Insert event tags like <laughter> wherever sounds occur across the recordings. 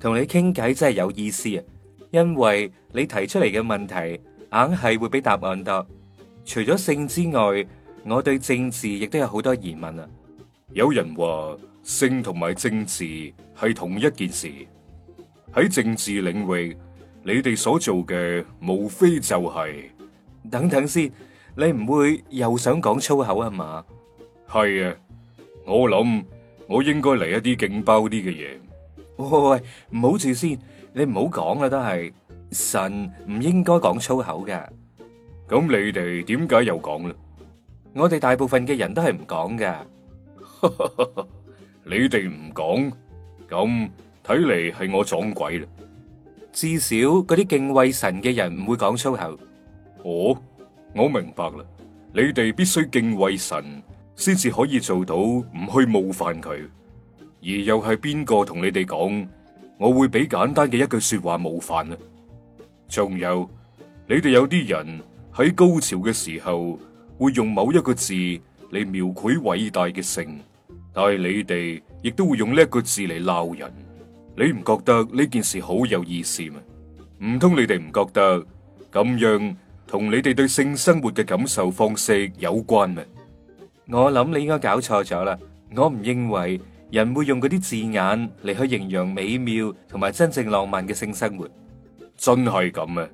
同你傾偈真係有意思啊，因為你提出嚟嘅問題硬係會俾答案答。除咗性之外，我對政治亦都有好多疑問啊。有人話性同埋政治係同一件事。喺政治領域，你哋所做嘅無非就係、是、等等先，你唔會又想講粗口啊嘛？係啊，我諗我應該嚟一啲勁爆啲嘅嘢。哦、喂，唔好住先，你唔好講啦，都係神唔應該講粗口嘅。咁你哋點解又講啦？我哋大部分嘅人都係唔講嘅。 <laughs> 你哋唔講，咁睇嚟係我撞鬼啦。至少嗰啲敬畏神嘅人唔會講粗口。哦，我明白啦。你哋必須敬畏神，先至可以做到唔去冒犯佢。而又係邊個同你哋講？我會俾簡單嘅一句說話冒犯啊！仲有你哋有啲人喺高潮嘅時候會用某一個字嚟描繪偉大嘅性，但係你哋亦都會用呢一個字嚟鬧人。你唔覺得呢件事好有意思咩？唔通你哋唔覺得咁樣同你哋對性生活嘅感受方式有關咩？我諗你應該搞錯咗啦，我唔認為。人會用嗰啲字眼嚟去形容美妙同埋真正浪漫嘅性生活，真係咁啊！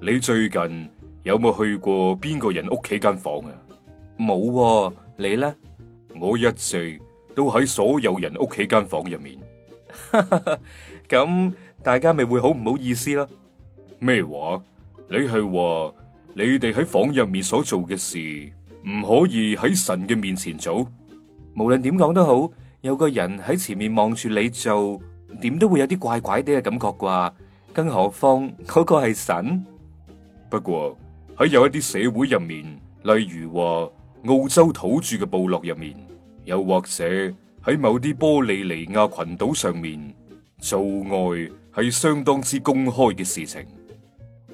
你最近有冇去過邊個人屋企間房啊？冇。哦，你咧？我一直都喺所有人屋企間房入面，咁、 <laughs> 嗯、大家咪會好唔好意思囉？咩話？你係話你哋喺房入面所做嘅事唔可以喺神嘅面前做？無論點講都好。有個人喺前面望住你做，點都會有啲怪怪哋嘅感覺啩。更何況嗰個係神。不過喺有一啲社會入面，例如話澳洲土著嘅部落入面，又或者喺某啲波利尼亞群島上面，做愛係相當之公開嘅事情。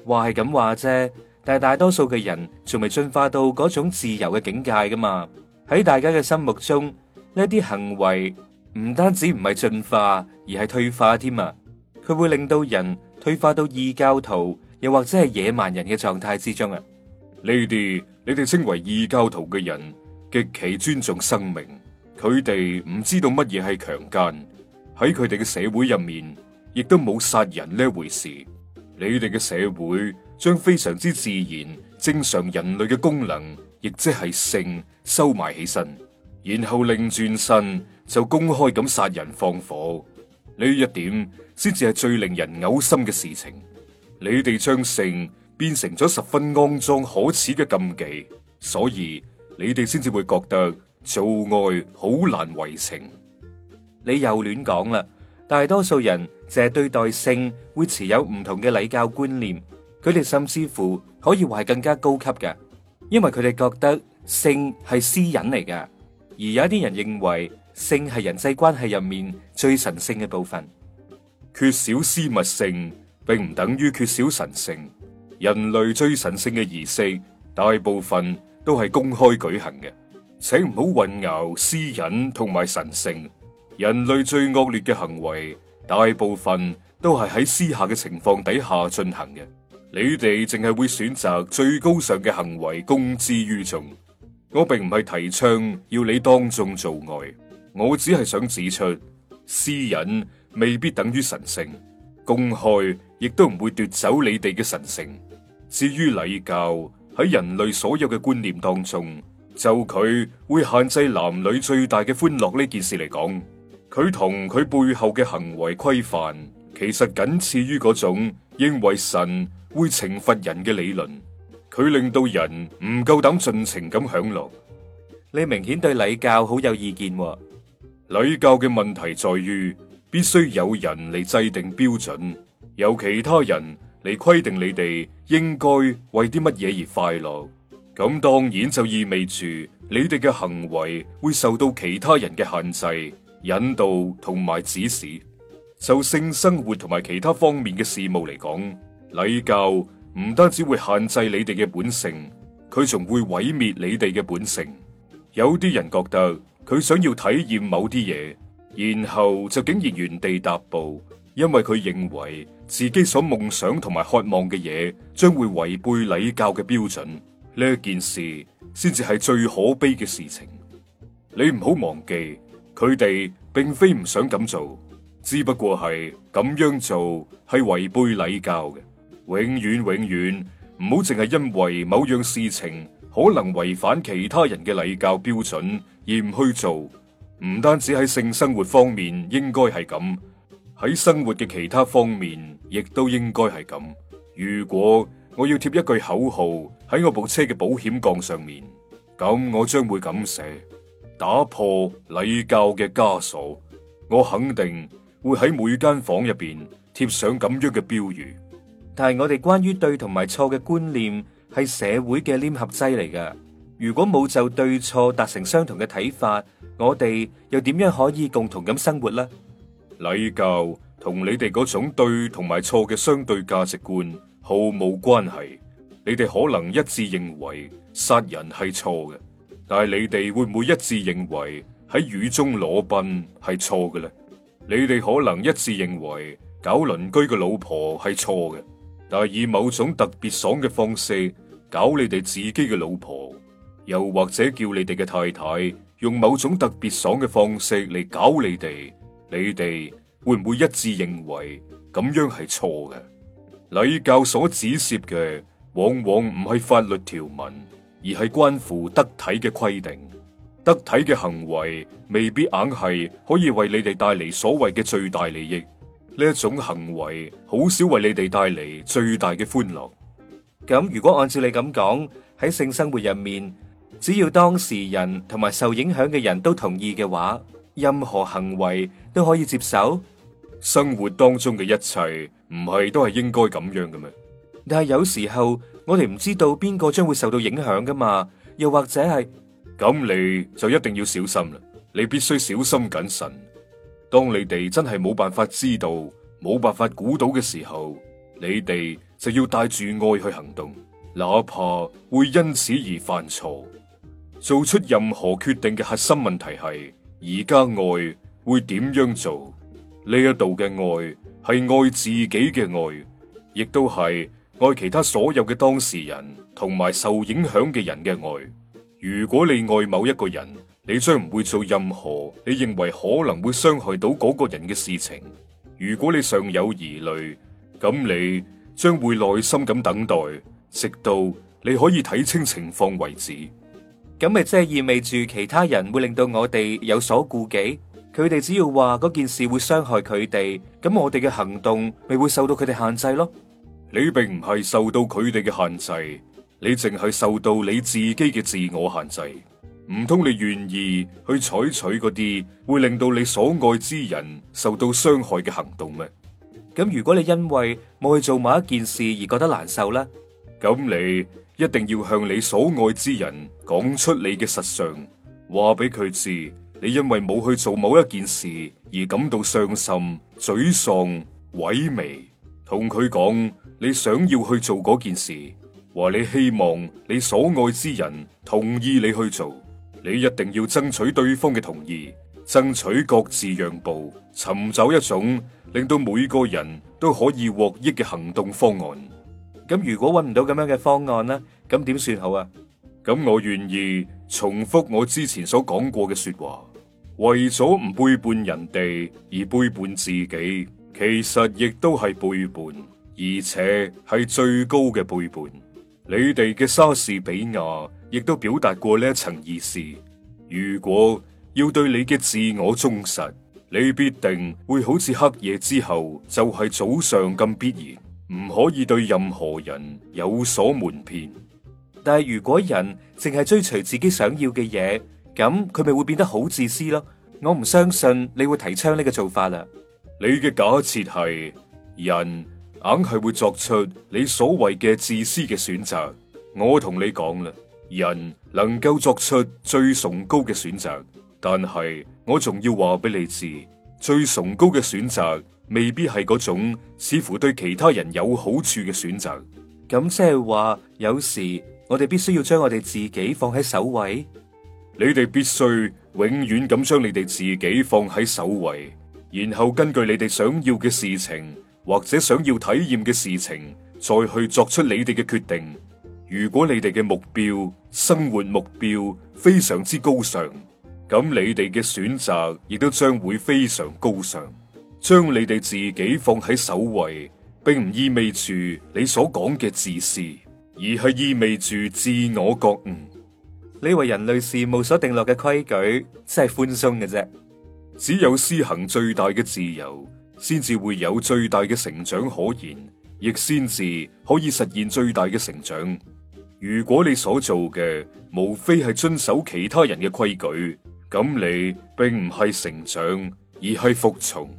話係咁話啫，但係大多數嘅人仲未進化到嗰種自由嘅境界噶嘛。喺大家嘅心目中。呢啲行為唔單止唔係進化，而係退化添啊！佢會令到人退化到異教徒，又或者係野蠻人嘅狀態之中啊！你哋，你哋稱為異教徒嘅人，極其尊重生命，佢哋唔知道乜嘢係強姦，喺佢哋嘅社會入面，亦都冇殺人呢回事。你哋嘅社會將非常之自然、正常人類嘅功能，亦即係性，收埋起身。然後擰轉身就公開咁殺人放火呢一點，先至係最令人嘔心嘅事情。你哋將性變成咗十分骯髒可恥嘅禁忌，所以你哋先至會覺得做愛好難為情。你又亂講啦。大多數人淨係對待性會持有唔同嘅禮教觀念，佢哋甚至乎可以話係更加高級嘅，因為佢哋覺得性係私隱嚟嘅。而有啲人認為，性係人際關係入面最神聖嘅部分，缺少私密性，並唔等於缺少神聖。人類最神聖嘅儀式，大部分都係公開舉行嘅，請唔好混淆私隱同埋神聖。人類最惡劣嘅行為，大部分都係喺私下嘅情況底下進行嘅。你哋淨係會選擇最高尚嘅行為，公之於眾。我並唔係提倡要你當眾做愛，我只係想指出，私隱未必等於神聖，公開亦都唔會奪走你哋嘅神聖。至於禮教喺人類所有嘅觀念當中，就佢會限制男女最大嘅歡樂呢件事嚟講，佢同佢背後嘅行為規範，其實僅次於嗰種認為神會懲罰人嘅理論。佢令到人唔夠膽盡情咁享樂。你明顯對禮教好有意見喎。禮教嘅問題在於，必須有人嚟制定標準，由其他人嚟規定你哋應該為啲乜嘢而快樂。咁當然就意味住你哋嘅行為會受到其他人嘅限制、引導同埋指示。就性生活同埋其他方面嘅事務嚟講，禮教。唔單只會限制你哋嘅本性，佢仲會毀滅你哋嘅本性。有啲人覺得佢想要體驗某啲嘢，然後就竟然原地踏步，因為佢認為自己所夢想同埋渴望嘅嘢，將會違背禮教嘅標準。呢件事先至係最可悲嘅事情。你唔好忘記，佢哋並非唔想咁做，只不過係咁樣做係違背禮教嘅。永遠永遠唔好淨係因為某樣事情可能違反其他人嘅禮教標準而唔去做，唔單止喺性生活方面應該係咁，喺生活嘅其他方面亦都應該係咁。如果我要貼一句口號喺我部車嘅保險槓上面，咁我將會咁寫：打破禮教嘅枷鎖。我肯定會喺每間房入邊貼上咁樣嘅標語。但係我哋關於對同埋錯嘅觀念係社會嘅黏合劑嚟㗎。如果冇就對錯達成相同嘅睇法，我哋又點樣可以共同咁生活呢？禮教同你哋嗰種對同埋錯嘅相對價值觀毫無關係。你哋可能一致認為殺人係錯嘅，但係你哋會唔會一致認為喺雨中裸奔係錯嘅呢？你哋可能一致認為搞鄰居嘅老婆係錯嘅。但以某種特別爽嘅方式搞你哋自己嘅老婆，又或者叫你哋嘅太太用某種特別爽嘅方式嚟搞你哋，你哋會唔會一致認為咁樣係錯嘅？禮教所指涉嘅，往往唔係法律條文，而係關乎得體嘅規定。得體嘅行為未必硬係可以為你哋帶嚟所謂嘅最大利益。呢一種行為好少為你哋帶嚟最大嘅歡樂。咁如果按照你咁講，喺性生活入面，只要當事人同埋受影響嘅人都同意嘅話，任何行為都可以接受。生活當中嘅一切唔係都係應該咁樣嘅咩？但係有時候我哋唔知道邊個將會受到影響噶嘛，又或者係咁，你就一定要小心啦。你必須小心謹慎。當你哋真係冇辦法知道、冇辦法估到嘅時候，你哋就要帶住愛去行動，哪怕會因此而犯錯。做出任何決定嘅核心問題係：而家愛會點樣做？呢一度嘅愛係愛自己嘅愛，亦都係愛其他所有嘅當事人同埋受影響嘅人嘅愛。如果你愛某一個人。你將唔會做任何你認為可能會傷害到嗰個人嘅事情。如果你尚有疑慮，咁你將會耐心咁等待，直到你可以睇清情況為止。咁咪即係意味住其他人會令到我哋有所顧忌？佢哋只要話嗰件事會傷害佢哋，咁我哋嘅行動咪會受到佢哋限制咯？你並唔係受到佢哋嘅限制，你淨係受到你自己嘅自我限制。唔通你願意去採取嗰啲會令到你所愛之人受到傷害嘅行動咩？咁如果你因為冇去做某一件事而覺得難受咧，咁你一定要向你所愛之人講出你嘅實相，話俾佢知你因為冇去做某一件事而感到傷心、沮喪、萎靡。同佢講你想要去做嗰件事，話你希望你所愛之人同意你去做。你一定要爭取對方嘅同意，爭取各自讓步，尋找一種令到每個人都可以獲益嘅行動方案。咁如果揾唔到咁樣嘅方案呢？咁點算好啊？咁我願意重複我之前所講過嘅說話，為咗唔背叛人哋而背叛自己，其實亦都係背叛，而且係最高嘅背叛。你哋嘅莎士比亞。亦都表達過呢一層意思。如果要對你嘅自我忠實，你必定會好似黑夜之後就係早上咁必然，唔可以對任何人有所瞞騙。但係如果人淨係追隨自己想要嘅嘢，咁佢咪會變得好自私咯？我唔相信你會提倡呢個做法啦。你嘅假設係人硬係會作出你所謂嘅自私嘅選擇。我同你講啦。人能夠作出最崇高嘅選擇，但係我仲要話俾你知，最崇高嘅選擇未必係嗰種似乎對其他人有好處嘅選擇。咁即係話，有時我哋必須要將我哋自己放喺首位。你哋必須永遠咁將你哋自己放喺首位，然後根據你哋想要嘅事情或者想要體驗嘅事情，再去作出你哋嘅決定。如果你哋嘅目標、生活目標非常之高尚，咁你哋嘅選擇亦都將會非常高尚。將你哋自己放喺首位，並唔意味住你所講嘅自私，而係意味住自我覺悟。你為人類事務所定落嘅規矩，真係寬鬆嘅啫。只有施行最大嘅自由，先至會有最大嘅成長可言，亦先至可以實現最大嘅成長。如果你所做嘅無非係遵守其他人嘅規矩，咁你並唔係成長，而係服從，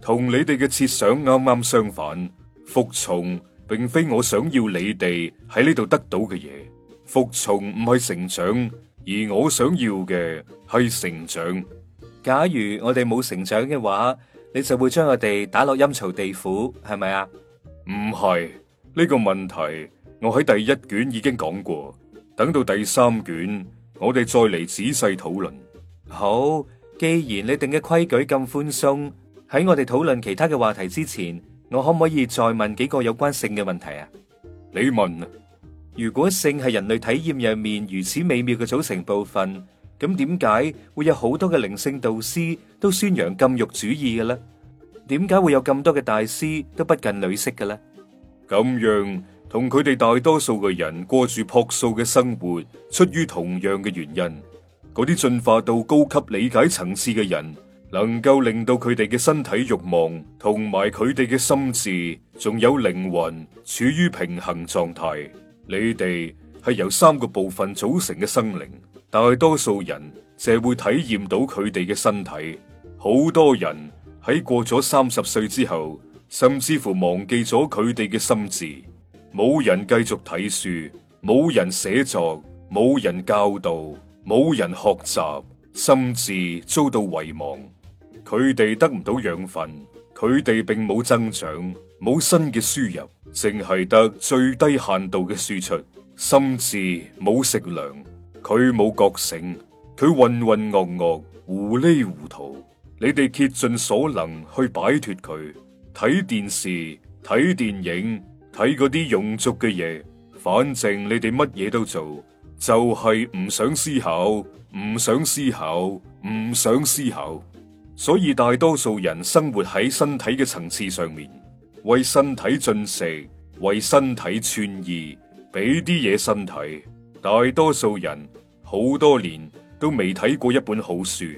同你哋嘅設想啱啱相反。服從並非我想要你哋喺呢度得到嘅嘢，服從唔係成長，而我想要嘅係成長。假如我哋冇成長嘅話，你就會將我哋打落陰曹地府，係咪啊？唔係，呢個問題。我喺第一卷已經講過，等到第三卷，我哋再嚟仔細討論。好，既然你定嘅規矩咁寬鬆，喺我哋討論其他嘅話題之前，我可唔可以再問幾個有關性嘅問題啊？你問啊！如果性係人類體驗入面如此美妙嘅組成部分，咁點解會有好多嘅靈性導師都宣揚禁慾主義嘅咧？點解會有咁多嘅大師都不近女色嘅咧？咁樣。同佢哋大多數嘅人過住樸素嘅生活，出於同樣嘅原因，嗰啲進化到高級理解層次嘅人，能夠令到佢哋嘅身體欲望同埋佢哋嘅心智，仲有靈魂處於平衡狀態。你哋係由三個部分組成嘅生靈，大多數人淨係會體驗到佢哋嘅身體，好多人喺過咗三十歲之後，甚至乎忘記咗佢哋嘅心智。冇人繼續睇書，冇人寫作，冇人教導，冇人學習，甚至遭到遺忘。佢哋得唔到養分，佢哋並冇增長，冇新嘅輸入，淨係得最低限度嘅輸出，甚至冇食糧。佢冇覺醒，佢渾渾噩噩、糊裏糊塗。你哋竭盡所能去擺脫佢，睇電視，睇電影。睇嗰啲庸俗嘅嘢，反正你哋乜嘢都做，就係唔想思考，唔想思考，唔想思考。所以大多數人生活喺身體嘅層次上面，為身體進食，為身體穿衣，俾啲嘢身體。大多數人好多年都未睇過一本好書。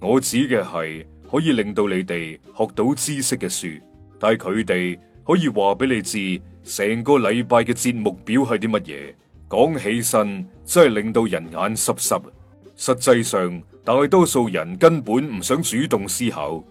我指嘅係可以令到你哋學到知識嘅書，但係佢哋。可以話俾你知，成個禮拜嘅節目表係啲乜嘢？講起身真係令到人眼濕濕啊！實際上，大多數人根本唔想主動思考，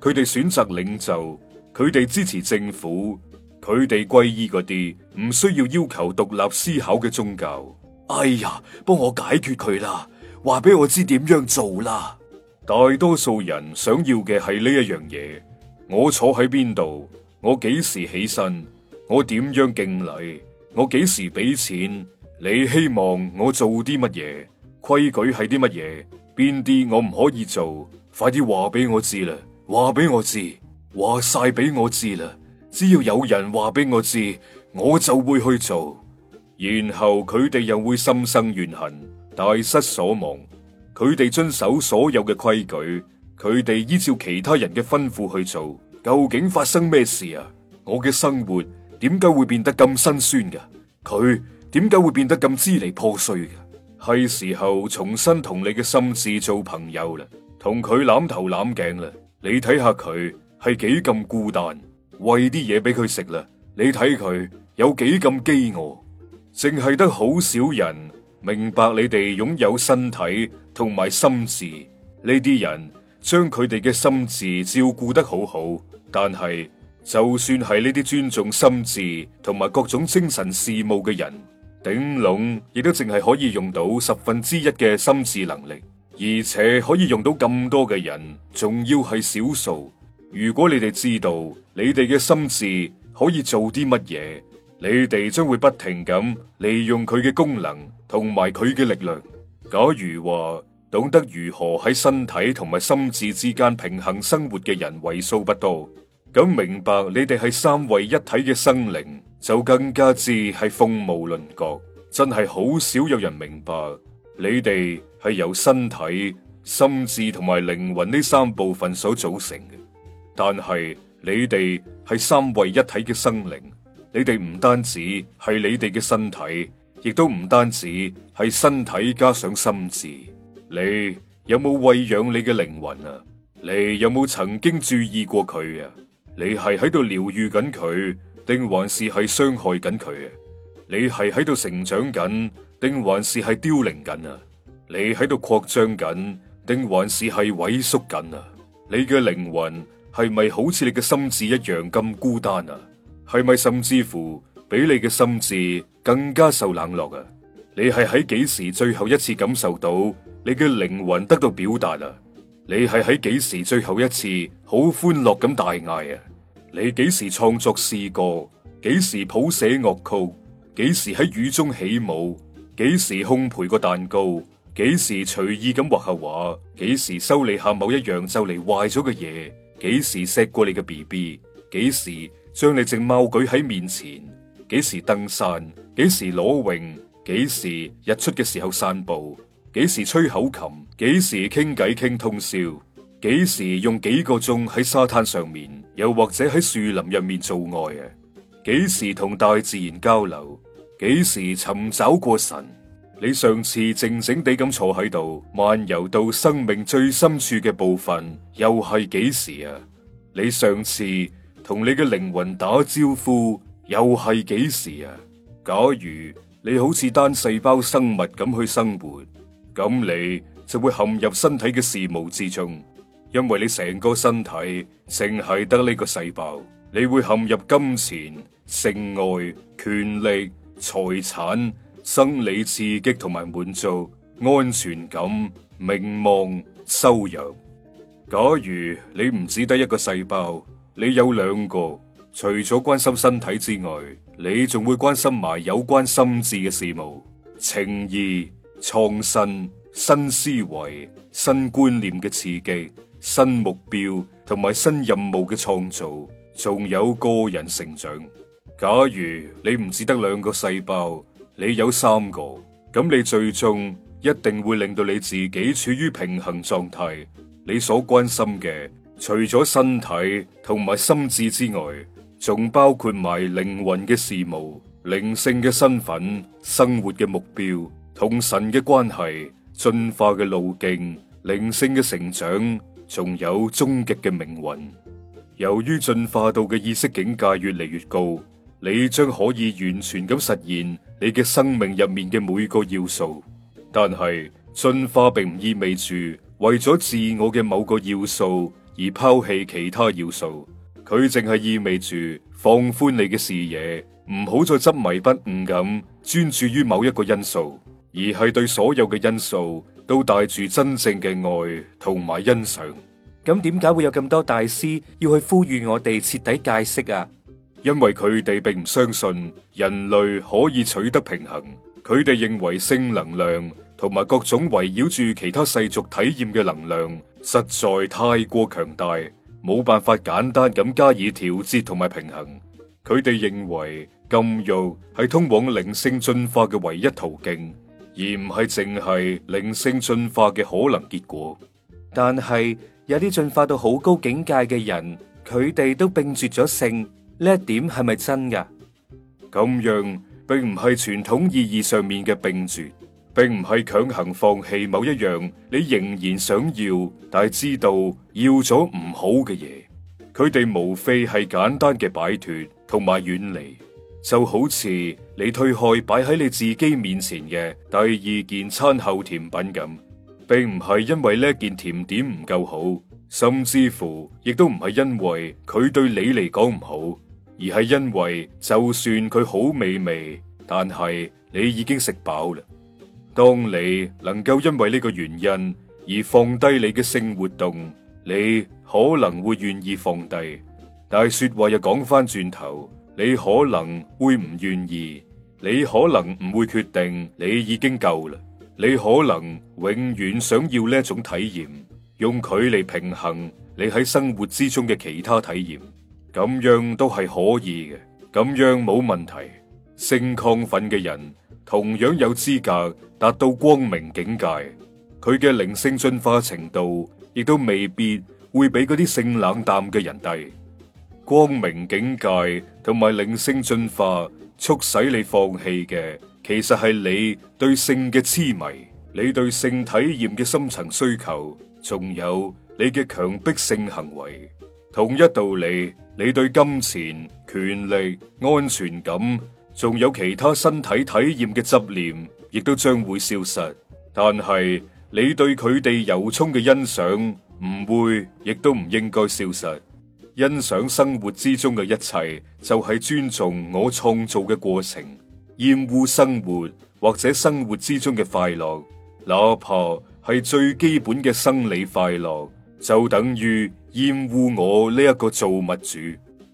佢哋選擇領袖，佢哋支持政府，佢哋歸依嗰啲唔需要要求獨立思考嘅宗教。哎呀，幫我解決佢啦！話俾我知點樣做啦！大多數人想要嘅係呢一樣嘢，我坐喺邊度？我幾時起身？我點樣敬禮？我幾時俾錢？你希望我做啲乜嘢？規矩係啲乜嘢？邊啲我唔可以做？快啲話俾我知啦！話俾我知，話晒俾我知啦！只要有人話俾我知，我就會去做。然後佢哋又會心生怨恨，大失所望。佢哋遵守所有嘅規矩，佢哋依照其他人嘅吩咐去做。究竟發生咩事啊？我嘅生活點解會變得咁辛酸㗎？佢點解會變得咁支離破碎㗎？係時候重新同你嘅心智做朋友啦，同佢攬頭攬頸啦。你睇下佢係幾咁孤單，餵啲嘢俾佢食啦。你睇佢有幾咁飢餓，淨係得好少人明白你哋擁有身體同埋心智。呢啲人將佢哋嘅心智照顧得好好。但係，就算係呢啲尊重心智同埋各種精神事務嘅人，頂籠亦都淨係可以用到十分之一嘅心智能力，而且可以用到咁多嘅人，仲要係少數。如果你哋知道你哋嘅心智可以做啲乜嘢，你哋將會不停咁利用佢嘅功能同埋佢嘅力量。假如話，懂得如何喺身體同埋心智之間平衡生活嘅人為數不多。咁明白你哋係三位一體嘅生靈，就更加之係鳳毛麟角。真係好少有人明白你哋係由身體、心智同埋靈魂呢三部分所組成嘅。但係你哋係三位一體嘅生靈，你哋唔單止係你哋嘅身體，亦都唔單止係身體加上心智。你有冇餵養你嘅靈魂啊？你有冇曾經注意過佢啊？你係喺度療愈緊佢，定還是係傷害緊佢啊？你係喺度成長緊，定還是係凋零緊啊？你喺度擴張緊，定還是係萎縮緊啊？你嘅靈魂係咪好似你嘅心智一樣咁孤單啊？係咪甚至乎比你嘅心智更加受冷落啊？你係喺幾時最後一次感受到？你嘅靈魂得到表達啦！你係喺幾時最後一次好歡樂咁大嗌啊？你幾時創作詩歌？幾時譜寫樂曲？幾時喺雨中起舞？幾時烘焙個蛋糕？幾時隨意咁畫下畫？幾時修理下某一樣就嚟壞咗嘅嘢？幾時錫過你嘅 BB？幾時將你隻貓舉喺面前？幾時登山？幾時裸泳？幾時日出嘅時候散步？幾時吹口琴？幾時傾偈傾通宵？幾時用幾個鐘喺沙灘上面，又或者喺樹林入面做愛啊？幾時同大自然交流？幾時尋找過神？你上次靜靜地咁坐喺度，漫遊到生命最深處嘅部分，又係幾時啊？你上次同你嘅靈魂打招呼，又係幾時啊？假如你好似單細胞生物咁去生活。咁你就會陷入身體嘅事務之中，因為你成個身體淨係得呢個細胞，你會陷入金錢、性愛、權力、財產、生理刺激同埋滿足、安全感、名望、收入。假如你唔止得一個細胞，你有兩個，除咗關心身體之外，你仲會關心埋有關心智嘅事務、情意、創新。新思維、新觀念嘅刺激、新目標同埋新任務嘅創造，仲有個人成長。假如你唔止得兩個細胞，你有三個，咁你最終一定會令到你自己處於平衡狀態。你所關心嘅，除咗身體同埋心智之外，仲包括埋靈魂嘅事務、靈性嘅身份、生活嘅目標同神嘅關係。進化嘅路徑、靈性嘅成長，仲有終極嘅命運。由於進化到嘅意識境界越嚟越高，你將可以完全咁實現你嘅生命入面嘅每個要素。但係進化並唔意味住為咗自我嘅某個要素而拋棄其他要素。佢淨係意味住放寬你嘅視野，唔好再執迷不悟咁專注於某一個因素。而係對所有嘅因素都帶住真正嘅愛同埋欣賞。咁點解會有咁多大師要去呼籲我哋徹底戒色啊？因為佢哋並唔相信人類可以取得平衡，佢哋認為性能量同埋各種圍繞住其他世俗體驗嘅能量實在太過強大，冇辦法簡單咁加以調節同埋平衡。佢哋認為禁欲係通往靈性進化嘅唯一途徑。而唔係淨係靈性進化嘅可能結果，但係有啲進化到好高境界嘅人，佢哋都並絕咗性，呢一點係咪真㗎？咁樣並唔係傳統意義上面嘅並絕，並唔係強行放棄某一樣你仍然想要，但係知道要咗唔好嘅嘢，佢哋無非係簡單嘅擺脫同埋遠離，就好似。你推開擺喺你自己面前嘅第二件餐後甜品咁，並唔係因為呢件甜點唔夠好，甚至乎亦都唔係因為佢對你嚟講唔好，而係因為就算佢好美味，但係你已經食飽啦。當你能夠因為呢個原因而放低你嘅性活動，你可能會願意放低，但係說話又講返轉頭，你可能會唔願意。你可能唔會決定，你已經夠啦。你可能永遠想要呢一種體驗，用佢嚟平衡你喺生活之中嘅其他體驗。咁樣都係可以嘅，咁樣冇問題。性亢奮嘅人同樣有資格達到光明境界，佢嘅靈性進化程度亦都未必會比嗰啲性冷淡嘅人低。光明境界同埋靈性進化。促使你放棄嘅，其實係你對性嘅癡迷，你對性體驗嘅深層需求，仲有你嘅強迫性行為。同一道理，你對金錢、權力、安全感，仲有其他身體體驗嘅執念，亦都將會消失。但係你對佢哋由衷嘅欣賞，唔會，亦都唔應該消失。欣賞生活之中嘅一切，就係尊重我創造嘅過程；厭惡生活或者生活之中嘅快樂，哪怕係最基本嘅生理快樂，就等於厭惡我呢一個造物主。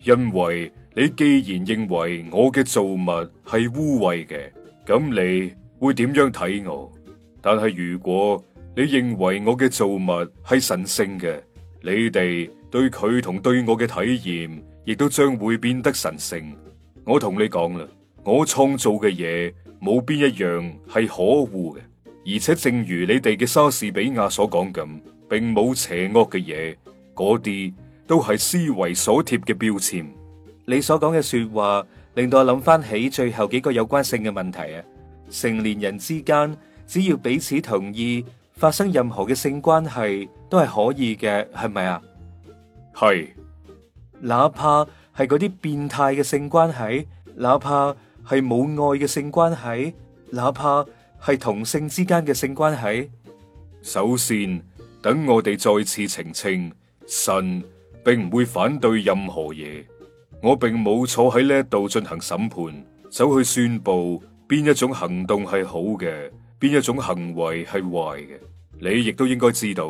因為你既然認為我嘅造物係污穢嘅，咁你會點樣睇我？但係如果你認為我嘅造物係神聖嘅，你哋，對佢同對我嘅體驗，亦都將會變得神聖。我同你講啦，我創造嘅嘢冇邊一樣係可惡嘅，而且正如你哋嘅莎士比亞所講咁，並冇邪惡嘅嘢。嗰啲都係思維所貼嘅標籤。你所講嘅說話令到我諗翻起最後幾個有關性嘅問題啊。成年人之間只要彼此同意，發生任何嘅性關係都係可以嘅，係咪啊？係，是哪怕係嗰啲變態嘅性關係，哪怕係冇愛嘅性關係，哪怕係同性之間嘅性關係，首先等我哋再次澄清，神並唔會反對任何嘢。我並冇坐喺呢度進行審判，走去宣布邊一種行動係好嘅，邊一種行為係壞嘅，你亦都應該知道，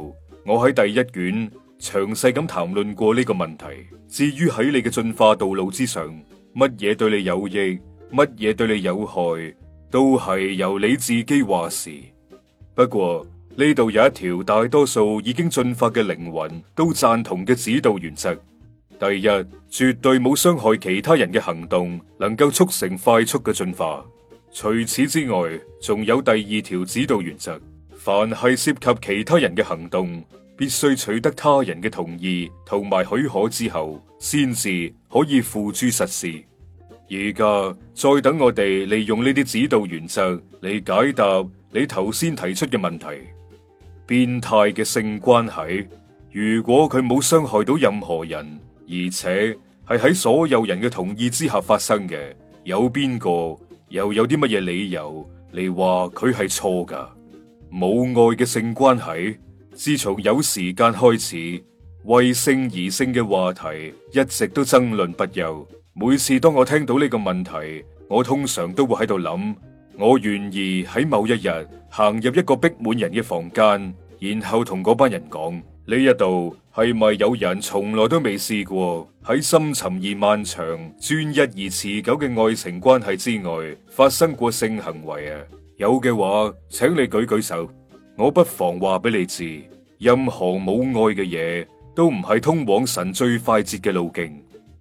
我喺第一卷。詳細咁談論過呢個問題。至於喺你嘅進化道路之上，乜嘢對你有益，乜嘢對你有害，都係由你自己話事。不過呢度有一條大多數已經進化嘅靈魂都贊同嘅指導原則：第一，絕對冇傷害其他人嘅行動，能夠促成快速嘅進化。除此之外，仲有第二條指導原則：凡係涉及其他人嘅行動。必須取得他人嘅同意同埋許可之後，先至可以付諸實施。而家再等我哋利用呢啲指導原則嚟解答你頭先提出嘅問題。變態嘅性關係，如果佢冇傷害到任何人，而且係喺所有人嘅同意之下發生嘅，有邊個又有啲乜嘢理由嚟話佢係錯噶冇愛嘅性關係？自從有時間開始，為性而性嘅話題一直都爭論不休。每次當我聽到呢個問題，我通常都會喺度諗：我願意喺某一日行入一個逼滿人嘅房間，然後同嗰班人講：呢一度係咪有人從來都未試過喺深沉而漫長、專一而持久嘅愛情關係之外發生過性行為啊？有嘅話，請你舉舉手。我不妨話俾你知，任何冇愛嘅嘢都唔係通往神最快捷嘅路徑。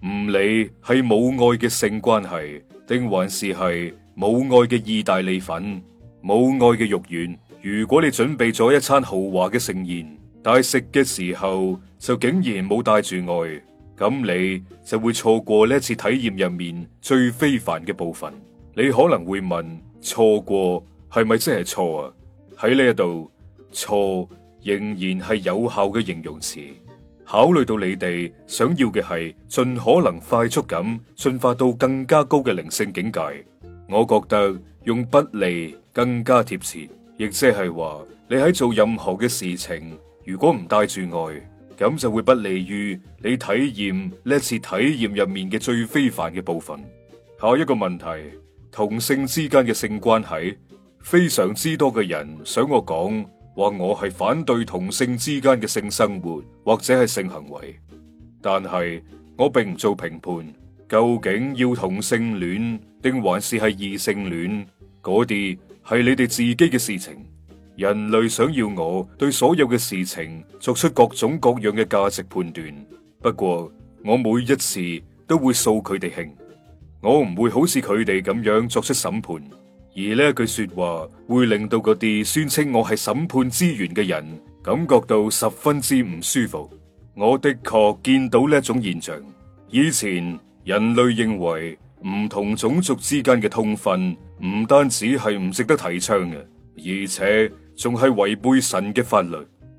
唔理係冇愛嘅性關係，定還是係冇愛嘅意大利粉、冇愛嘅肉丸。如果你準備咗一餐豪華嘅盛宴，但係食嘅時候就竟然冇帶住愛，咁你就會錯過呢次體驗入面最非凡嘅部分。你可能會問：錯過係咪真係錯啊？喺呢一度，錯仍然係有效嘅形容詞。考慮到你哋想要嘅係盡可能快速咁進化到更加高嘅靈性境界，我覺得用不利更加貼切。亦即係話，你喺做任何嘅事情，如果唔帶住愛，咁就會不利於你體驗呢次體驗入面嘅最非凡嘅部分。下一個問題，同性之間嘅性關係。非常之多嘅人想我講話，我係反對同性之間嘅性生活或者係性行為，但係我並唔做評判。究竟要同性戀定還是係異性戀？嗰啲係你哋自己嘅事情。人類想要我對所有嘅事情作出各種各樣嘅價值判斷，不過我每一次都會掃佢哋興，我唔會好似佢哋咁樣作出審判。而呢句說話會令到嗰啲宣稱我係審判之源嘅人感覺到十分之唔舒服。我的確見到呢一種現象。以前人類認為唔同種族之間嘅通婚唔單止係唔值得提倡嘅，而且仲係違背神嘅法律。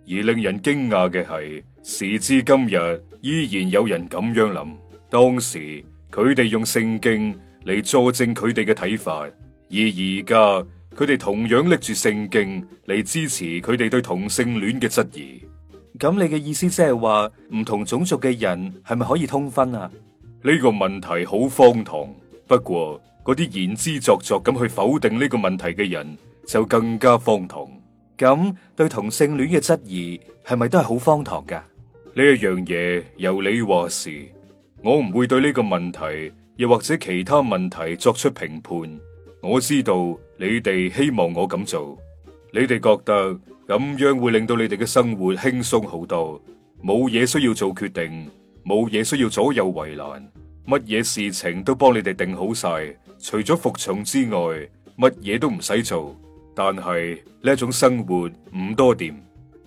而令人驚訝嘅係，時至今日依然有人咁樣諗。當時佢哋用聖經嚟佐證佢哋嘅睇法。而而家佢哋同樣拎住聖經嚟支持佢哋對同性戀嘅質疑。咁你嘅意思即係話唔同種族嘅人係咪可以通婚啊？呢個問題好荒唐。不過嗰啲言之鑿鑿咁去否定呢個問題嘅人就更加荒唐。咁對同性戀嘅質疑係咪都係好荒唐噶？呢一樣嘢由你話事，我唔會對呢個問題又或者其他問題作出評判。我知道你哋希望我咁做，你哋覺得咁樣會令到你哋嘅生活輕鬆好多，冇嘢需要做決定，冇嘢需要左右為難，乜嘢事情都幫你哋定好晒，除咗服從之外，乜嘢都唔使做。但係呢一種生活唔多掂，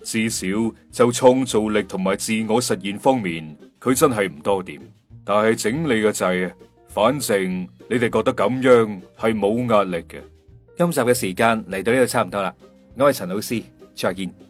至少就創造力同埋自我實現方面，佢真係唔多掂。但係整理嘅掣。反正你哋覺得咁樣係冇壓力嘅。今集嘅時間嚟到呢度差唔多啦。我係陳老師，再見。